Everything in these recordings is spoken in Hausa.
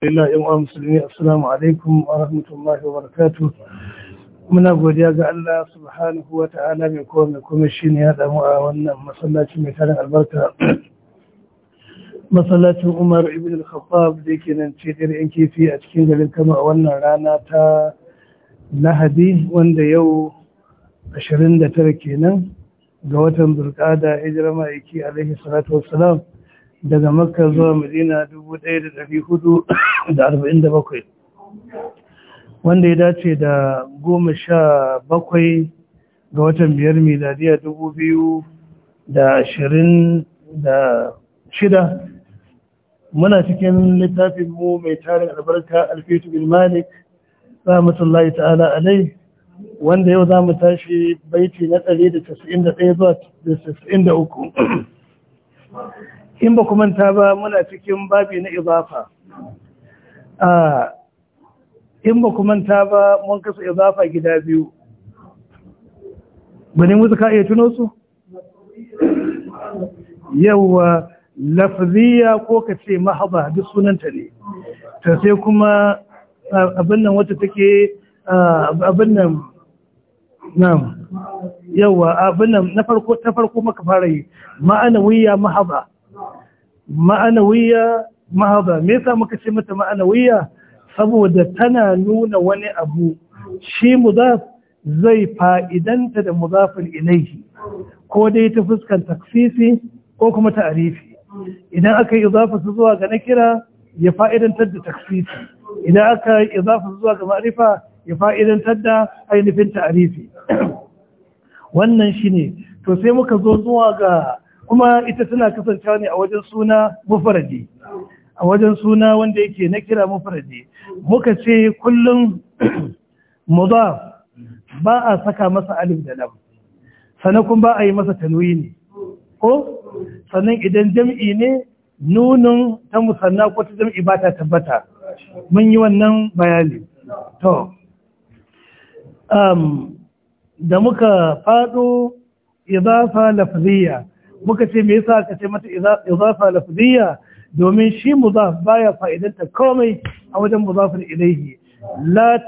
Alhamdulillah ‘yan musulmi assalamu alaikum wa rahmatullahi wa barakatu. Muna godiya ga Allah subhanahu wa ta'ala mai kowa mai kuma shi ne ya damu a wannan masallacin mai tarin albarka. Masallacin Umar ibn al-Khattab da yake nan ce ɗin ‘yan kifi a cikin garin Kama, a wannan rana ta Lahadi wanda yau da ashirin 29 kenan ga watan Burkada hijira ma'aiki alaihi salatu wassalam. salam daga makka zuwa madina 1447 wanda ya dace da goma sha bakwai ga watan biyar miladiya 2026 muna cikin littafin mu mai tarin albarka alfitu bin malik rahmatullahi ta'ala alai wanda yau za mu tashi baiti na 191 zuwa 93 in ba ta ba muna cikin babi na izafa in ba ta ba mun kasa izafa gida biyu bane musu ka iya tuno su yawa lafziya ko ka ce mahaba duk sunanta ne ta sai kuma abin nan wata take abin nan na'am yawa abin nan na farko ta farko maka fara yi ma'ana wiya mahaba ma'anawiyya mahaba me yasa muka ce mata ma'anawiyya saboda tana nuna wani abu shi mudaf zai fa'idanta da mudafin ilaihi ko dai ta fuskan taksisi ko kuma ta'arifi idan aka yi izafa su zuwa ga nakira ya fa'idantar da taksisi idan aka yi izafa su zuwa ga ma'arifa ya fa'idantar da ainihin ta'arifi wannan shine to sai muka zo zuwa ga kuma ita tana kasancewa ne a wajen suna mufaradi a wajen suna wanda yake na kira mufaradi muka ce kullum mudaf ba a saka masa alif da lam sannan kuma ba a yi masa ne, ko sannan idan jam'i ne nunun ta musanna ko ta jam'i ba ta tabbata mun yi wannan bayani to um, da muka faɗo idafa lafziya muka ce me yasa aka ce mata izafa lafziya domin shi muzaf baya fa'idanta komai a wajen muzafin ilaihi la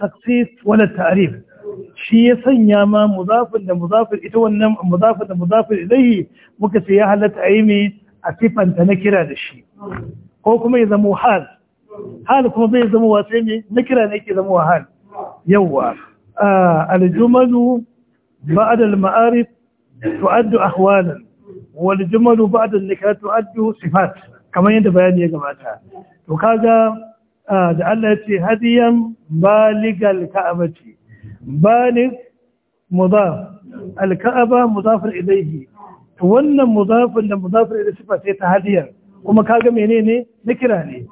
taksis wala ta'rif shi ya sanya ma muzafin da muzafin ita wannan muzafin da muzafin ilaihi muka ce ya halatta a yi mai a sifanta na kira da shi ko kuma ya zama hal hal kuma zai zama wasai ne na kira ne yake zama hal yawwa ah, aljumalu ba'ad al-ma'arif tu'addu ahwalan wal jumalu ba'da nikah tu'addu sifat kamar yadda bayani ya gabata to kaga da Allah ya ce hadiyan baligal ka'abati balig mudaf al-ka'aba mudaf ilayhi to wannan mudafin da mudafin ilayhi sifa ce ta hadiyar kuma kaga menene nakira ne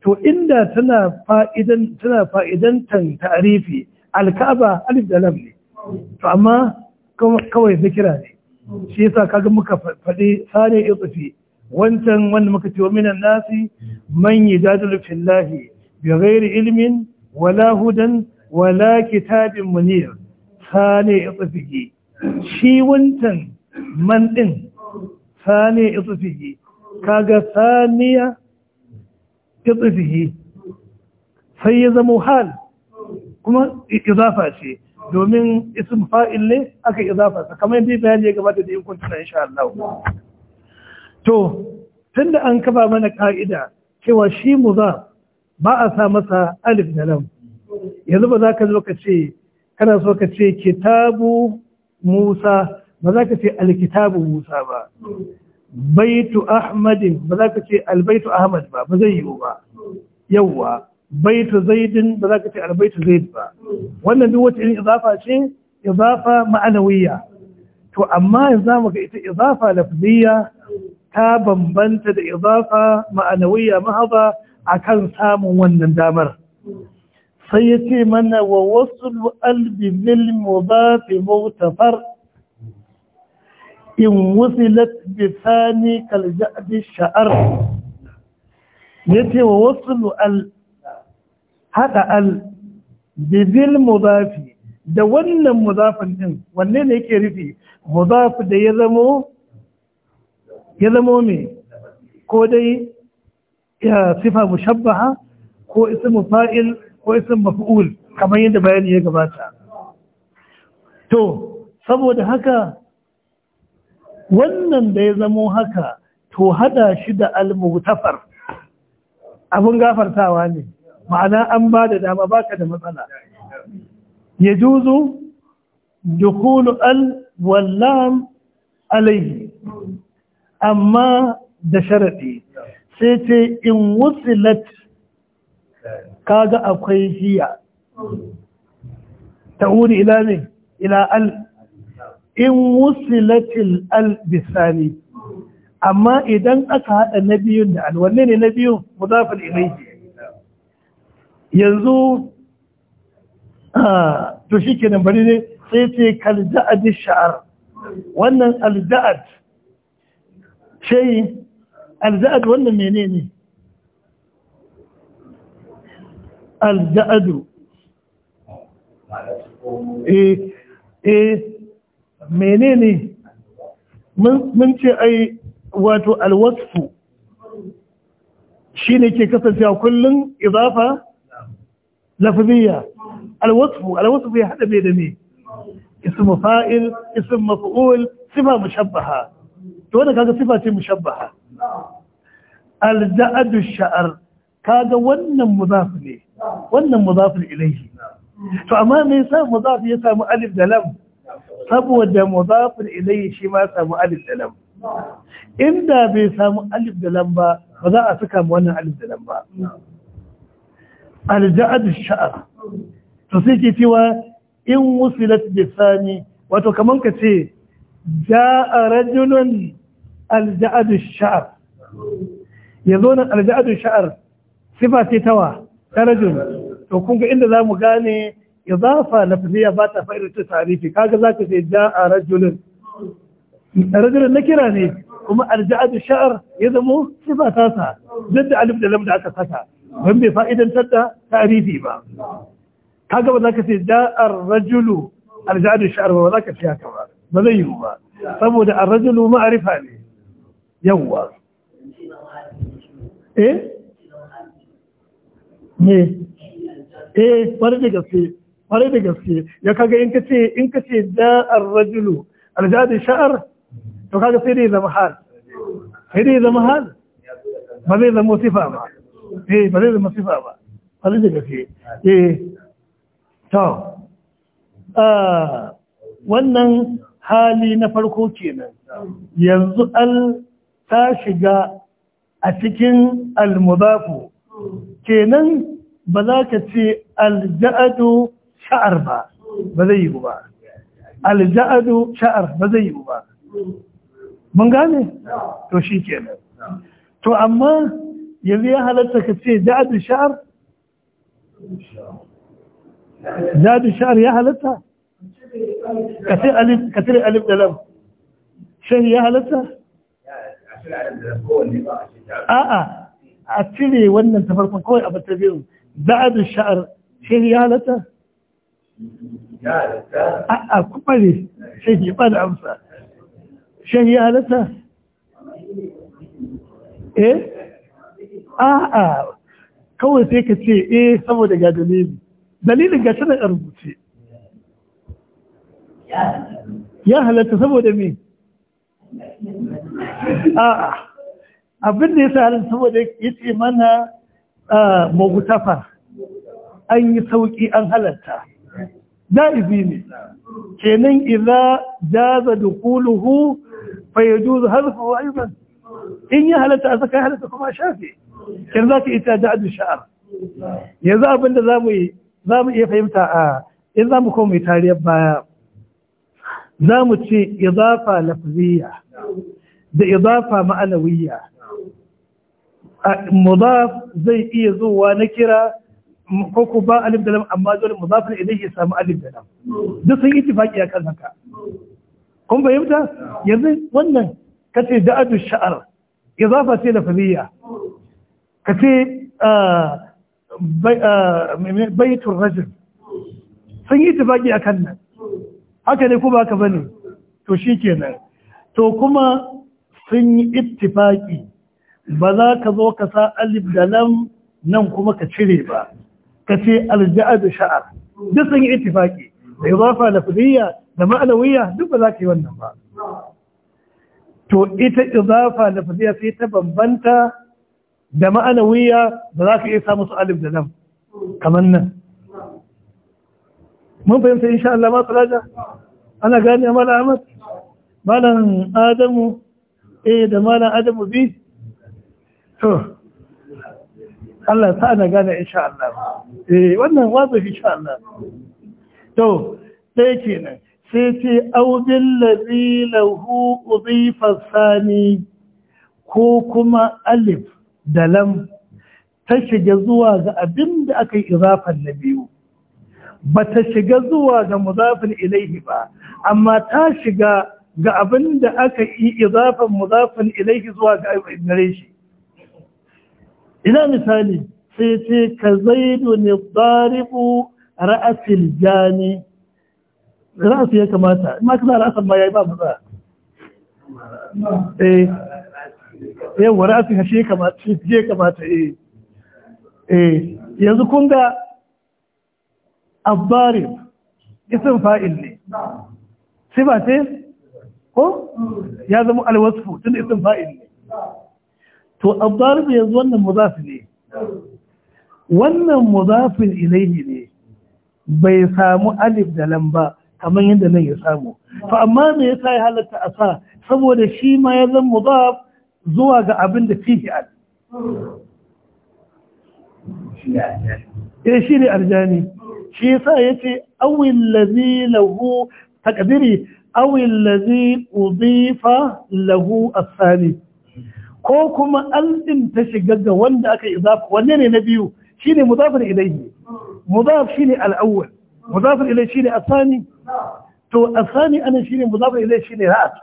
to inda tana fa'idantan tana ta'rifi al-ka'aba alif da lam to amma kawai kira ne shi yasa kaga muka faɗi ya tsufi wancan wanda muka ce wa minan nasi man yajadilu fillahi bi ghairi ilmin wala hudan wala kitabin munir sare ke. shi wancan man din sare itsafi kaga saniya ke, sai ya zama hal kuma izafa ce domin ism fa'il ne aka izafa zafa kamar yadda bayani ya gabata da yankun tana insha Allah to tunda an kaba mana ka'ida cewa shi muzaf ba a sa masa alif da nan yanzu ba za ka zo ka ce kana so ka ce kitabu Musa ba za ka ce alkitabu Musa ba baitu Ahmadin ba za ka ce albaitu Ahmad ba ba zai yiwu ba yawwa baitu zaidin ba za ka ce albaitu zaid ba wannan duk wacce irin izafa ce izafa ma'anawiyya to amma yanzu zamu ga ita izafa lafziyya ta bambanta da izafa ma'anawiyya a kan samun wannan damar sai yace mana wa wasul qalbi bil mudaf mutafar in wusilat bi thani kal ja'd sha'ar yace wa wasul al haɗa al bibil muzafi da wannan muzafin ɗin wanne ne yake rufi mudafi da ya zamo ya zamo me ko dai ya sifa mushabbaha ko ismu fa'il ko ismu maf'ul kamar yadda bayani ya gabata to saboda haka wannan da ya zamo haka to hada shi da almutafar abin gafartawa ne ma'ana an ba da dama baka da matsala ya juzu dukulu al wallam alaihi amma da sharaɗi sai ce in wutsilat kaga akwai hiya ta wuri ila ne ila al in wusilatil al bisani amma idan aka haɗa na biyun da alwanne ne na biyun zafin ilaihi yanzu ah, to shi kenan bari ne sai ce kalda'ad sha'ar wannan alda'ad shayi alda'ad wannan menene alja'adu eh eh menene mun ce ai wato alwasfu shine ke kasancewa kullun idafa lafziya alwasfu alwasfu ya hada mai da me ismu fa'il ismu maf'ul to wanda kaga sifa ce alja'adu sha'ar kaga wannan mudaf ne wannan mudaf ilayhi to amma me yasa mudaf ya samu alif da lam saboda mudaf ilayhi shima ma samu alif da lam inda bai samu alif da ba ba za a saka ma wannan alif ba alja'ad sha'ar to sai ke cewa in wusilat bisani wato kaman ka ce ja'a rajulun alja'ad sha'ar yazo nan alja'ad sha'ar sifa ce tawa ta rajul to kunga ga inda zamu gane idafa lafziya ba ta fa'ida ta tarifi kaga zaka ce ja'a rajulun rajulun na kira ne kuma alja'ad sha'ar ya zamo sifa ta sa da alif da lam da aka saka هم بفائدة سدة تعريفي ما هذا وذاك سيداء الرجل الجعل الشعر وذاك فيها كمان مليه ما فمدى الرجل ما عرفها لي ايه ايه ايه فريدي قصير فريدي قصير يكا انك سي انك سيداء الرجل الجعل الشعر وكا قصير اذا محال هذه اذا محال مليه eh ba zai zama sifa ba halin da eh to wannan hali na farko kenan yanzu al ta shiga a cikin almubafu kenan ba za ka ce alja'adu sha'ar ba ba zai yi ba alja'adu sha'ar ba zai yi ba mun gane to shi kenan to amma يلي أهل التكت فيه زاد الشعر زاد الشعر يا هلتها كثير ألم كثير ألم ألم شيء يا هلتها آه آه أتري وين أنت فرطن كوي أبى تبيه بعد الشعر شيء يا هلتها آه آه كمالي شيء ما نعرفه شيء يا هلتها إيه a'a kawai sai ka ce eh saboda ga dalili dalilin ga shirin a rubuce ya halatta saboda me a'a abin da ya sa halin saboda ya ce mana magutafa an yi sauƙi an halatta izi ne kenan iza jaza dukuluhu fa yajuzu harfu aiban in ya halatta a saka halatta kuma shafe kin za ka ita da adu sha'ar yanzu abin da za mu yi za mu iya fahimta a in za mu koma mai tariyar baya za mu ce idafa lafziya da idafa ma'anawiya mudaf zai iya zuwa na kira ko ku ba alif da lam amma dole mudaf idan ya samu alif da lam duk sun ittifaqi akan haka kun fahimta yanzu wannan kace da'atu sha'ar Ya ce lafaziyya ka ce baitun rajin sun yi tufaki a kan nan haka ne kuma haka bane to shi kenan to kuma sun yi ittifaki ba za ka zo ka sa alif da lam nan kuma ka cire ba ka ce alja'a da sha'ar duk sun yi ittifaki da izafa lafaziyya da ma'anawiyya duk ba za ka yi wannan ba to ita izafa fasiya sai ta bambanta da ma'anawiya ba za ka iya samu su alif da lam kamar nan mun fahimta insha Allah ma tsaraja ana gane mala Ahmad malan Adamu eh da malan Adamu bi to Allah sa ana gane insha Allah eh wannan wazo insha Allah to sai kenan sai ce aubin lazi lahu sani ko kuma alif da lam ta shiga zuwa ga abin da aka yi izafar na biyu ba ta shiga zuwa ga muzafin ilaihi ba amma ta shiga ga abin da aka yi izafar muzafin ilaihi zuwa ga gare shi ina misali sai ce ka zaidu ne ra'asil jani da za su ya kamata ma ka za a ma eh. ya yi ba matsa eh yawa ra'asin shi kamata shi je kamata eh eh yanzu kun ga abbarib isin fa'il ne ba ce ko ya zama alwasfu tun isin fa'il ne to abbarib yanzu wannan muzafi ne wannan muzafin ilaihi ne bai samu alif da lamba kamar yadda nan ya samu to amma me yasa ya halatta a sa saboda shi ma ya zan mudaf zuwa ga abin da fihi al eh, shi ne arjani shi yasa ce, awil ladhi lahu takdiri awil ladhi udifa lahu Sani. ko kuma an din ta shiga ga wanda aka izafa wanne ne na biyu shine mudafun ilayhi mudaf shine al-awwal mudafun ilayhi shine Sani. to a asani anan ne mudafin ilai shine ra'at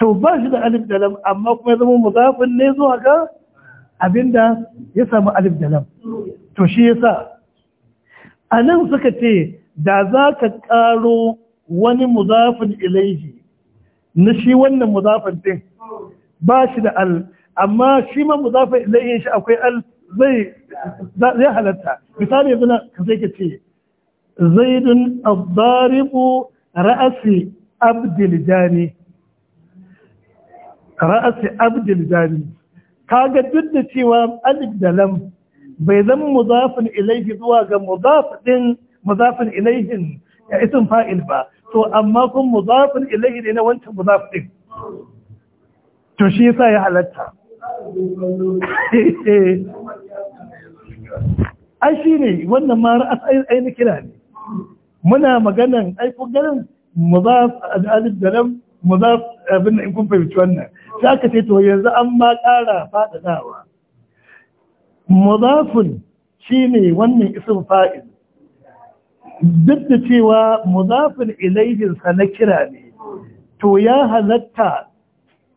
to ba shi da alif dalam amma kuma zama muzafin ne zuwa ga abinda ya samu alif dalam to shi ya sa a nan suka ce da za ka karo wani muzafin ilaihi na shi wannan muzafin ɗin ba shi da al amma shi ma muzafin ilaihi shi akwai al zai halatta misali yanzu ka sai ka ce zaidun abdaribu ra'asi abdiljani ra'asi kaga duk da cewa alif da lam bai zama mudafin ilaihi zuwa ga mudafin mudafin ilaihin ya isin fa'il ba to amma kun mudafin ilaihi ne na wancan mudafin to shi yasa ya halarta. Eh, eh. ai shi ne wannan ma ra'as ainihin kira ne muna maganan aiko kun ganin mudaf alif da lam mudaf abin in kun fahimci wannan za aka ce to yanzu an ma ƙara faɗaɗawa mudafun ne wannan isin fa'il duk da cewa mudafun ilaihin sa na kira ne to ya halatta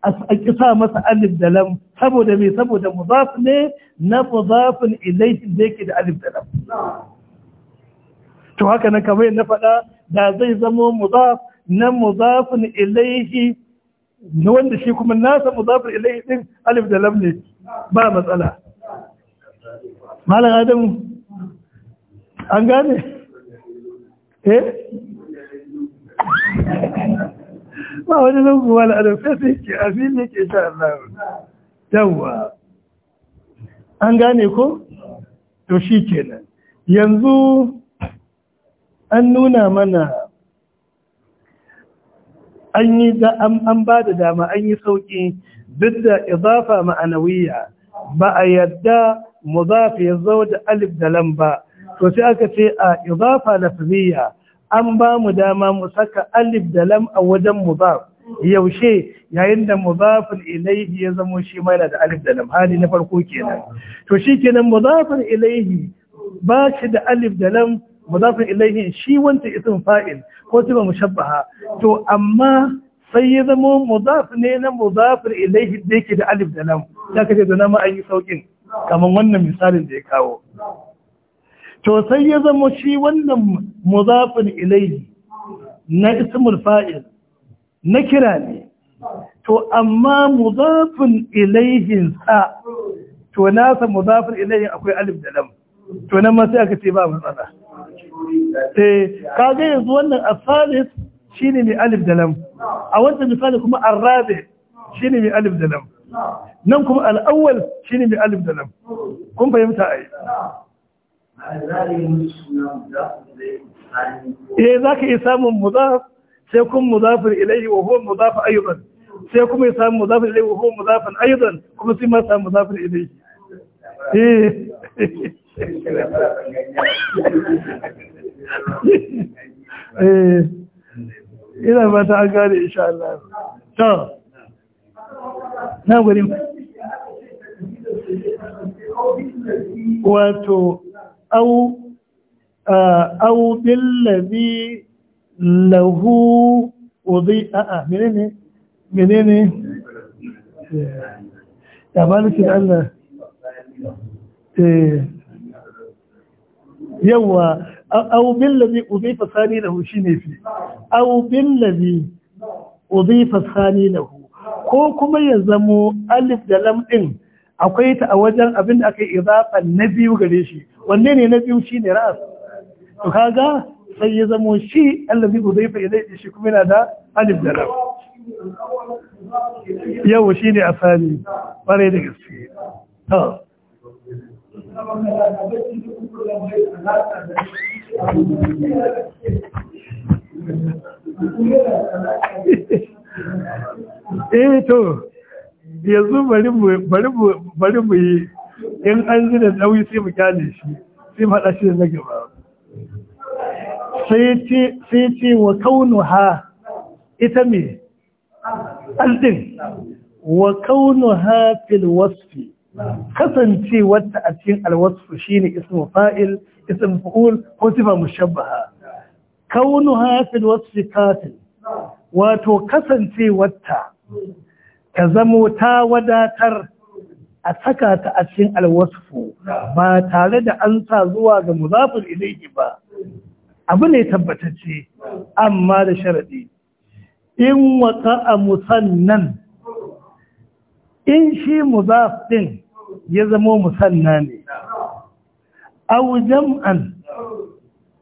a kisa masa alif da lam saboda me saboda mudaf ne na mudafun ilaihin da yake da alif da lam to haka nan kamar yadda faɗa da zai zama muzaf na muzafin ilaihi ne wanda shi kuma nasa muzafin ilaihi din alif da lam ne ba matsala malam adamu an gane eh ba wani zan kuwa al'adar fesa ke a ne ke sha Allah yawwa an gane ko to shi kenan yanzu an nuna mana an yi an ba da dama an yi sauƙi duk da izafa ma'anawiya ba a yadda muzafi ya zo da alif da lamba to sai aka ce a izafa lafziya an ba mu dama mu saka alif da lam a wajen muzaf yaushe yayin da muzafin ilaihi ya zamo shi ma da alif da lam hali na farko kenan to shi kenan muzafin ilaihi ba shi da alif da lam mudafin ilaihi shi wanta isin fa'il ko mu shabbaha. to amma sai ya zama mudaf ne na mudafin ilaihi da yake da alif da lam ya kace da nama an yi saukin kamar wannan misalin da ya kawo to sai ya zama shi wannan mudafin ilaihi na ismul fa'il na kira ne to amma mudafin ilaihin sa to nasa mudafin ilaihin akwai alif da lam to nan ma sai aka ce ba matsala Eh, kaga yanzu wannan asalis shine mai alif da lam a wancan misali kuma arrabi shine mai alif da lam nan kuma al'awwal shine mai alif da lam kun fahimta ai eh zaka iya samun mudaf sai kuma muzafin ilayhi wa huwa mudaf aidan sai kuma iya samun muzafin ilayhi wa huwa mudafin aidan kuma sai ma samun muzafin ilayhi eh إيه. إلى ما تعقل إن شاء الله طب نعم قريم إيه؟ واتو أو آه، أو بالذي له وضيء من آه، إيه من إيه يا مالك الأن إيه. يوه أو بالذي أضيف الثاني له شيني في أو بالذي أضيف الثاني له ko kuma ya zamo alif da lam ɗin akwai ta a wajen abin da aka yi izafan na biyu gare shi wanne ne na biyu shi ne ra'as to kaga sai ya zamo shi allazi uzaifa ya zai shi kuma yana da alif da lam yau shi ne asali ƙwarai da gaske eh to yanzu bari mu yi in an zina nauyi sai mu kyale shi sai mu haɗa shi da na ba. sai ce wa kaunu ha ita me aldin wa kaunu ha fil wasfi kasancewarta a cikin alwasfu shine ismu fa'il ismu fa'ul ko sifa mushabbaha kaunuha fil wasfi katil wato kasancewarta ta zamo ta wadatar a saka ta a cikin alwasu ba tare da an sa zuwa ga muzafin ilaihi ba abu ne tabbatacce amma da sharaɗi. in wata a musannan in shi muzaf ɗin? ya zama musanna ne au jam'an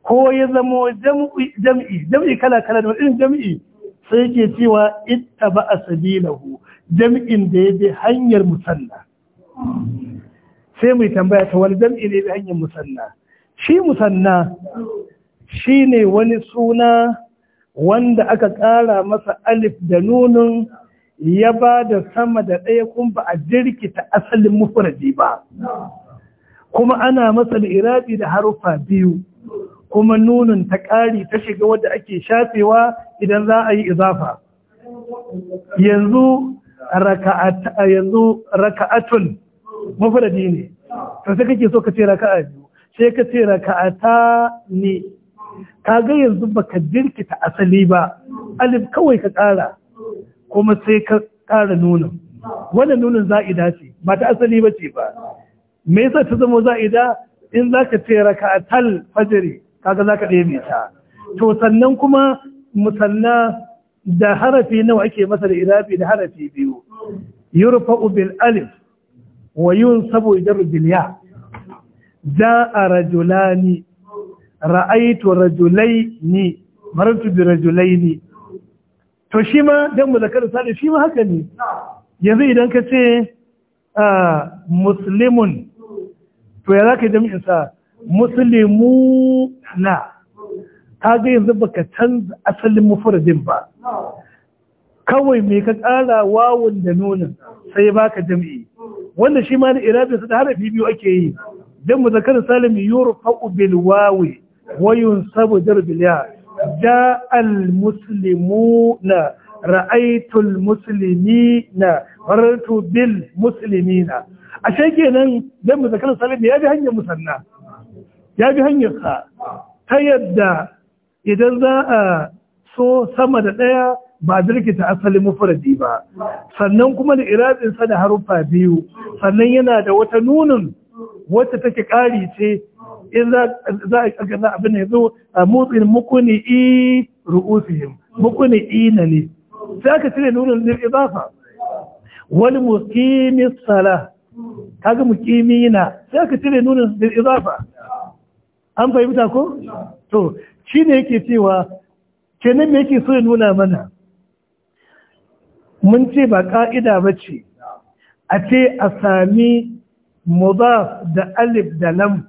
ko ya zama jam'i jam'i kala-kala da irin jam'i sai ke cewa ita ba a jam'in da ya bi hanyar musanna sai mai tambaya ta wani jam'i ne ya bi hanyar musanna shi musanna shine ne wani suna wanda aka ƙara masa alif da nunun ya ba da sama da ɗaya kun ba a jirkita asalin mufradi ba kuma ana masa irabi da haruffa biyu kuma nunin ta ƙari ta shiga wadda ake shafewa idan za a yi izafa yanzu raka'atun mufradi ne Ta sai kake so ka ce raka'a biyu sai ka ce raka'ata ne ka ga yanzu baka jirkita asali ba alif kawai ka ƙara kuma sai ka ƙara nunin wannan nunin za'ida ce ba ta asali ba ce ba me yasa ta zama za'ida in za ka ce tal fajiri kaga za ka mai ta to sannan kuma musalla da harafi nawa ake masa da irafi da harafi biyu yurufa ubil alif wa yunsabu idan bil ya ja'a rajulani ra'aitu ni, marartu bi ni. to shi ma dan muzakar salim shi ma haka ne yanzu idan ka ce ah, muslimun to ya zaka jami'in sa muslimu na Ta ga yanzu baka canza asalin mufradin ba kawai me ka ƙara wawun da nunin sai baka jami'i wanda shi ma da irabin su da harafi biyu ake yi dan muzakar salim yurfa'u bil wawi wa yunsabu jar ja al-muslimuna ra'aitul muslimina farartu bil muslimina ashe kenan dan muzakar salim ya bi hanyar musanna ya bi hanyar ta yadda idan za a so sama da ɗaya ba a dirkita asali mufradi ba sannan kuma da irabin da haruffa biyu sannan yana da wata nunin wacce take ƙari ce in za a ƙarƙar abin ya zo a motsin mukuni i ru'usihim mukuni ina ne sai aka cire nunin lil idafa wal muqimi sala kaga muqimi na sai aka cire nunin lil idafa an fahimta ko to shine yake cewa kenan me yake so ya nuna mana mun ce ba ka'ida ce. a ce a sami mudaf da alif da lam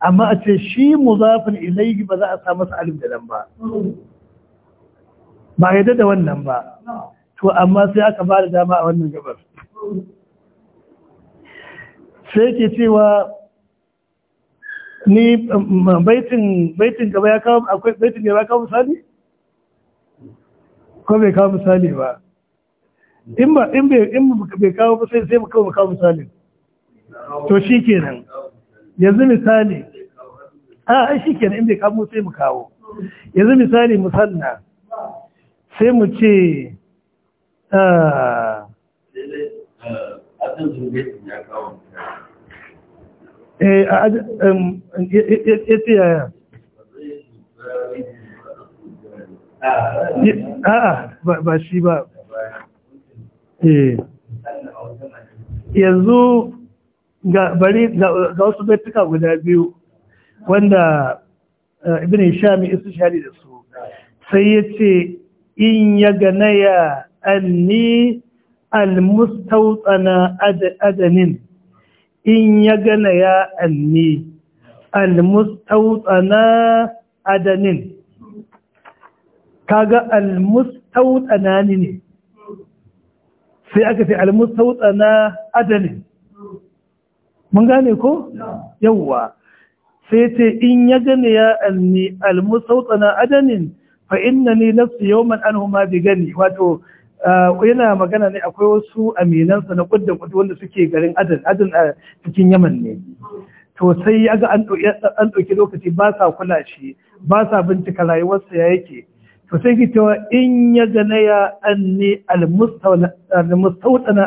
amma a ce shi mu zafin ilai ba za a sa masa alif da nan ba ba yadda da wannan ba to amma sai aka ba da dama a wannan gabar sai ke cewa ni baitin gaba ya kawo akwai baitin gaba ya kawo misali ko bai kawo misali ba in ba in bai bai kawo sai sai mu kawo misali to shi kenan, yanzu misali a a shi kenan inda ka mu sai mu kawo yanzu misali musanna sai mu ce A'a ah, eh, ba shi ba. Eh. Yanzu ga wasu baituka guda biyu wanda eh, ibn hisham isu shari da su sai yace in ya ganaya anni almustawtana adanin in ya ganaya anni almustawtana adanin kaga almustawtana ne sai aka ce almustawtana adanin mun gane ko yawwa sai ce in ya gani ya alni almusautsana adanin fa innani nafsi yawman anhuma bi gani wato yana magana ne akwai wasu aminansa na kudda kudu wanda suke garin adan adan a cikin yaman ne to sai ya ga an ɗauki lokaci ba sa kula shi ba sa bincika rayuwarsa ya yake to sai ki cewa in ya gani ya anni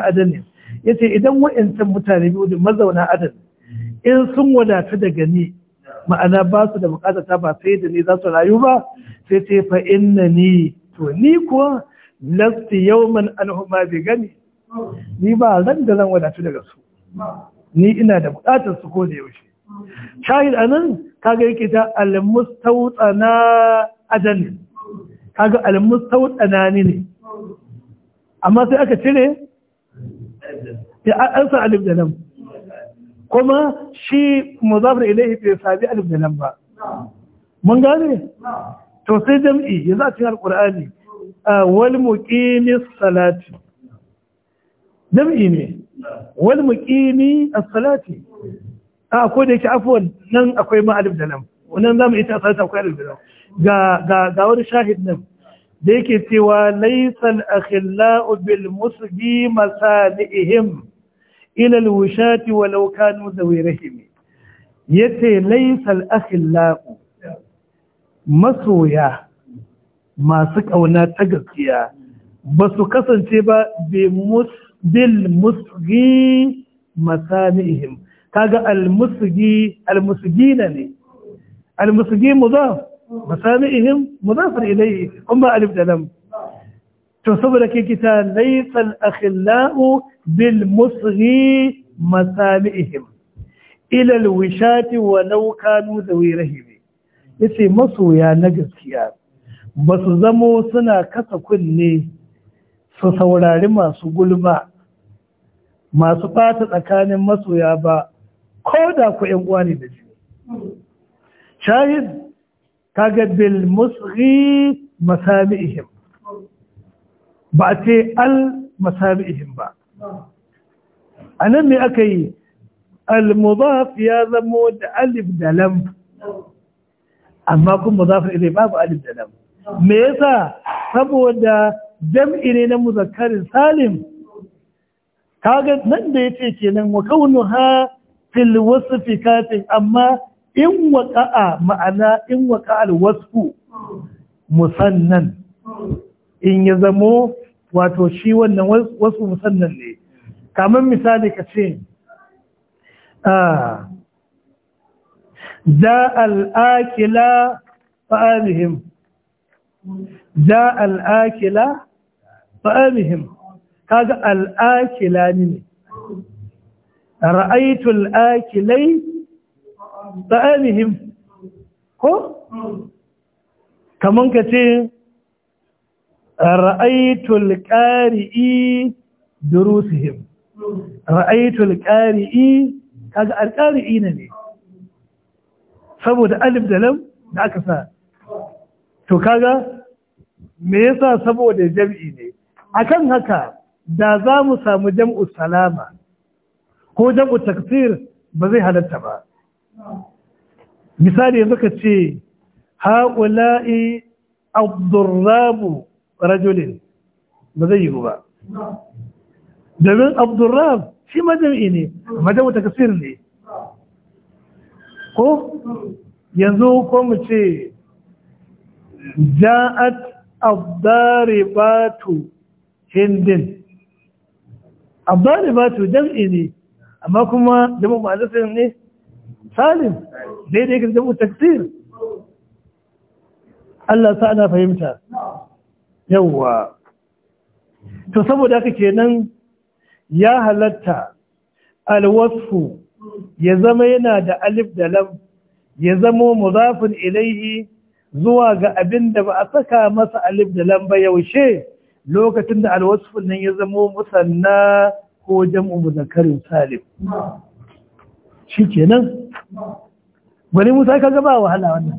adanin. Ya ce idan wayancan mutane biyu da mazauna adan in sun wadatu daga ni ma'ana ba su da ta ba sai da ni za su rayu ba sai ce fa inna ni to ni kuwa lasti yawman alhuma bi gani ni ba zan da zan wadatu daga su ni ina da bukatar su ko da yaushe shahid anan kaga yake ta almustawtsana ajan kaga almustawtsana ne amma sai aka cire ya an sa alif da lam kuma shi muzafir ilaihi bai sabi alif da nan ba mun gane to sai jam'i yanzu a cikin alqur'ani wal muqimis salati jam'i ne wal muqimi as-salati a ko da yake afwan nan akwai ma alif da nan wannan zamu ita salati akwai alif da nan ga ga ga wani shahid nan da yake cewa laysal akhillau bil musbi masalihim ila al walau kanu zawi rahimi yace laysa al masoya masu kauna ta gaskiya ba su kasance ba bil musgi masanihim kaga al-musgi ne al mudaf masanihim mudaf ilayhi kuma alif da lam to saboda ke kita laisal akhillau bil musghi masalihim ila al wishati wa law kanu dawi rahibi yace masoya na gaskiya ba su zamo suna kasa kunne su saurari masu gulma masu fata tsakanin masoya ba ko da ku ‘yan uwa ne da shi. Shahid, kaga bil musri masami'ihim ba a ce al masabi'ihim ba a nan me aka yi al-mudaf ya zamo da alif da lam amma kuma mudaf ilai babu alif da lam me yasa saboda jam'i ne na muzakkarin salim kaga nan da yace kenan wa ha fil wasfi kafin amma in waqa'a ma'ana in waqa'a al-wasfu musannan in ya zamo wato shi wannan wasu musannan ne kamar misali ka ce za ah, al'akila fa'amihim za al'akila fa'amihim kaga al'akila ne ra'aitu al'akilai fa'amihim ko? kamar ka ce ra'aitul qari'i durusihim ra'aytul qari'i kaga alqari'i ne saboda alif da lam da aka sa to kaga me yasa saboda jam'i ne akan haka da za mu samu jam'u salama ko jam'u taksir ba zai halatta ba misali yanzu ka ce ha'ula'i abdurrabu rajulin ba zai yiwu ba domin Abdurrahim shi majami'i ne majami'u ta kasir ne ko yanzu ko mu ce ja'at Batu hindin Batu jam'i ne amma kuma jama'u ma'anasir ne salim daidai ga jama'u kasir. Allah sa fahimta yawwa to saboda haka kenan ya halatta alwasfu ya zama yana da alif da lam ya zama muzafin ilaihi zuwa ga abinda da ba a saka masa alif da lam ba yaushe lokacin da alwasfin nan ya zama musanna ko jam'u muzakarin salim shi kenan musa ka gaba wahala wannan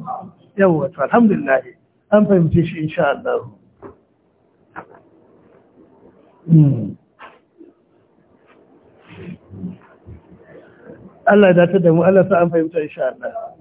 Yawwa, alhamdulillah an fahimce shi insha Allah Allah ya dace da mu Allah sa an fahimta insha Allah